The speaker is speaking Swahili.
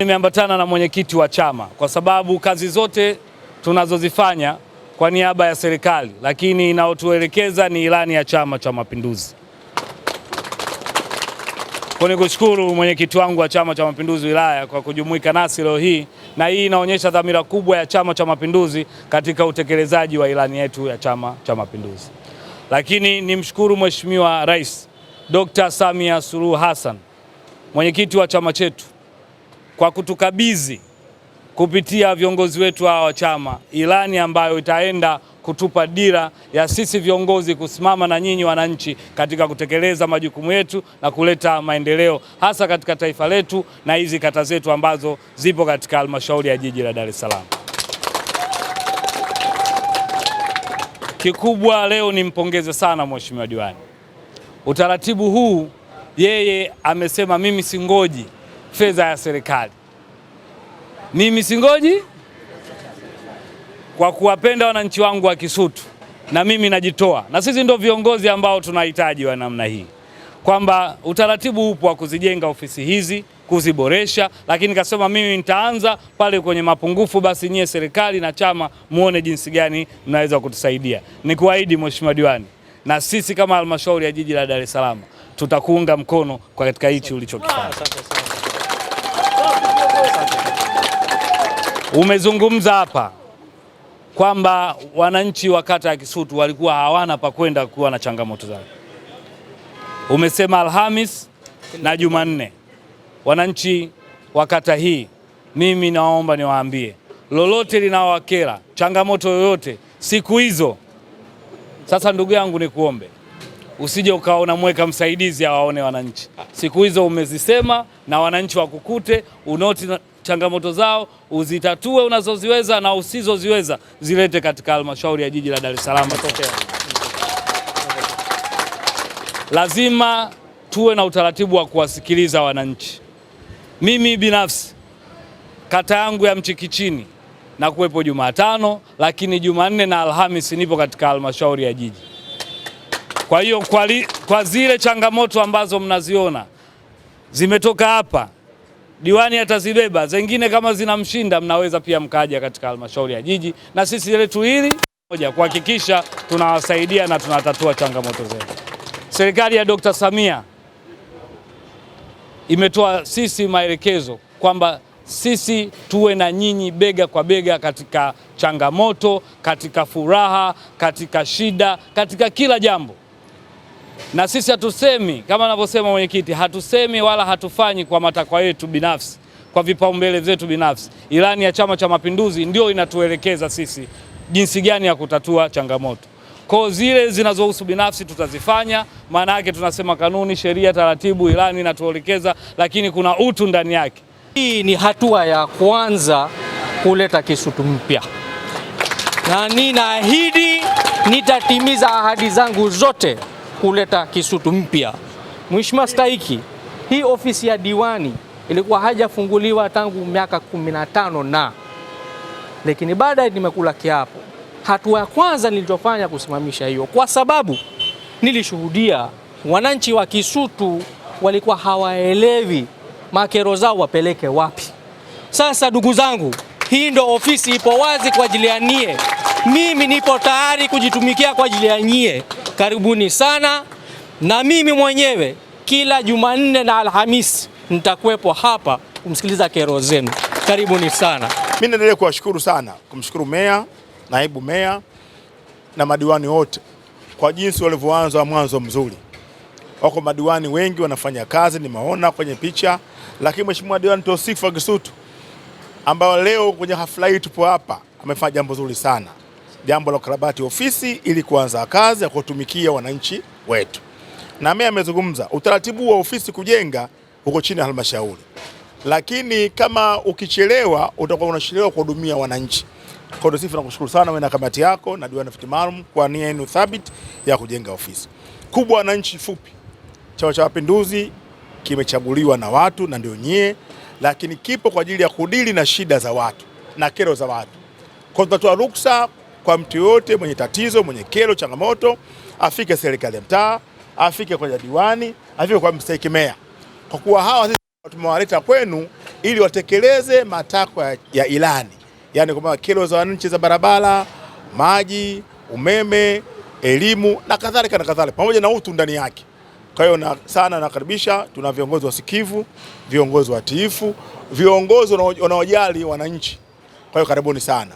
Nimeambatana na mwenyekiti wa chama kwa sababu kazi zote tunazozifanya kwa niaba ya serikali, lakini inayotuelekeza ni ilani ya Chama cha Mapinduzi. Kwa kushukuru mwenyekiti wangu wa Chama cha Mapinduzi wilaya kwa kujumuika nasi leo hii, na hii inaonyesha dhamira kubwa ya Chama cha Mapinduzi katika utekelezaji wa ilani yetu ya Chama cha Mapinduzi. Lakini nimshukuru Mheshimiwa Rais Dr. Samia Suluhu Hassan, mwenyekiti wa chama chetu kwa kutukabidhi kupitia viongozi wetu hawa wa chama ilani ambayo itaenda kutupa dira ya sisi viongozi kusimama na nyinyi wananchi katika kutekeleza majukumu yetu na kuleta maendeleo hasa katika taifa letu na hizi kata zetu ambazo zipo katika halmashauri ya jiji la Dar es Salaam. Kikubwa leo nimpongeze sana mheshimiwa diwani. Utaratibu huu yeye amesema, mimi singoji fedha ya serikali. Mimi singoji kwa kuwapenda wananchi wangu wa Kisutu, na mimi najitoa, na sisi ndio viongozi ambao tunahitaji wa namna hii, kwamba utaratibu upo wa kuzijenga ofisi hizi kuziboresha, lakini kasema mimi nitaanza pale kwenye mapungufu, basi nyie serikali na chama muone jinsi gani mnaweza kutusaidia. ni kuahidi Mheshimiwa Diwani, na sisi kama halmashauri ya jiji la Dar es Salaam tutakuunga mkono kwa katika hichi ulichokifanya. Ah, Umezungumza hapa kwamba wananchi wa kata ya Kisutu walikuwa hawana pa kwenda kuwa na changamoto zao. Umesema Alhamis na Jumanne, wananchi wa kata hii, mimi naomba niwaambie lolote linawakera, changamoto yoyote siku hizo. Sasa ndugu yangu, nikuombe usije ukawa unamweka msaidizi awaone wananchi. Siku hizo umezisema na wananchi wakukute, unoti changamoto zao uzitatue unazoziweza na usizoziweza zilete katika halmashauri ya jiji la Dar es Salaam. Lazima tuwe na utaratibu wa kuwasikiliza wananchi. Mimi binafsi kata yangu ya Mchikichini na kuwepo Jumatano, lakini Jumanne na Alhamisi nipo katika halmashauri ya jiji. Kwa hiyo kwa, kwa zile changamoto ambazo mnaziona zimetoka hapa, diwani atazibeba, zingine kama zinamshinda, mnaweza pia mkaja katika halmashauri ya jiji, na sisi letu hili moja kuhakikisha tunawasaidia na tunatatua changamoto zetu. Serikali ya Dr. Samia imetoa sisi maelekezo kwamba sisi tuwe na nyinyi bega kwa bega katika changamoto, katika furaha, katika shida, katika kila jambo na sisi hatusemi kama anavyosema mwenyekiti, hatusemi wala hatufanyi kwa matakwa yetu binafsi, kwa vipaumbele vyetu binafsi. Ilani ya Chama cha Mapinduzi ndio inatuelekeza sisi jinsi gani ya kutatua changamoto. Kwa zile zinazohusu binafsi tutazifanya, maana yake tunasema kanuni, sheria, taratibu, ilani inatuelekeza, lakini kuna utu ndani yake. Hii ni hatua ya kwanza kuleta Kisutu mpya, na ninaahidi nitatimiza ahadi zangu zote kuleta Kisutu mpya. Mheshimiwa Stahiki, hii ofisi ya diwani ilikuwa hajafunguliwa tangu miaka kumi na na lakini baada nimekula kiapo, hatua ya kwanza nilichofanya kusimamisha hiyo, kwa sababu nilishuhudia wananchi wa Kisutu walikuwa hawaelewi makero zao wapeleke wapi. Sasa ndugu zangu, hii ndo ofisi ipo wazi kwa ajili ya nie mimi nipo tayari kujitumikia kwa ajili ya nyie. Karibuni sana, na mimi mwenyewe kila Jumanne na Alhamisi nitakuwepo hapa kumsikiliza kero zenu. Karibuni sana. Mimi naendelea kuwashukuru sana, kumshukuru meya, naibu meya na madiwani wote kwa jinsi walivyoanza mwanzo mzuri. Wako madiwani wengi wanafanya kazi, nimeona kwenye picha, lakini mheshimiwa diwani Tausifu Kisutu ambayo leo kwenye hafla hii tupo hapa amefanya jambo zuri sana jambo la ukarabati ofisi ili kuanza kazi ya kuwatumikia wananchi wetu. Na mimi amezungumza utaratibu wa ofisi kujenga huko chini ya halmashauri, lakini kama ukichelewa utakuwa unachelewa kuhudumia wananchi. Kwa hiyo sisi tunakushukuru sana wewe na kamati yako na diwani viti maalum kwa nia yenu thabiti ya kujenga ofisi kubwa wananchi. fupi. Chama cha Mapinduzi kimechaguliwa na watu na ndio nyie, lakini kipo kwa ajili ya kudili na shida za watu na kero za watu. Kwa hiyo tunatoa ruksa kwa mtu yoyote mwenye tatizo, mwenye kero, changamoto, afike serikali ya mtaa, afike kwa diwani, afike kwa mstahiki meya, kwa kuwa hawa sisi tumewaleta kwenu ili watekeleze matakwa ya ilani, yani kwa kero za wananchi za barabara, maji, umeme, elimu na kadhalika na kadhalika, pamoja na utu ndani yake. Kwa hiyo na sana nakaribisha, tuna viongozi wasikivu, viongozi watiifu, viongozi wanaojali wananchi. Kwa hiyo karibuni sana.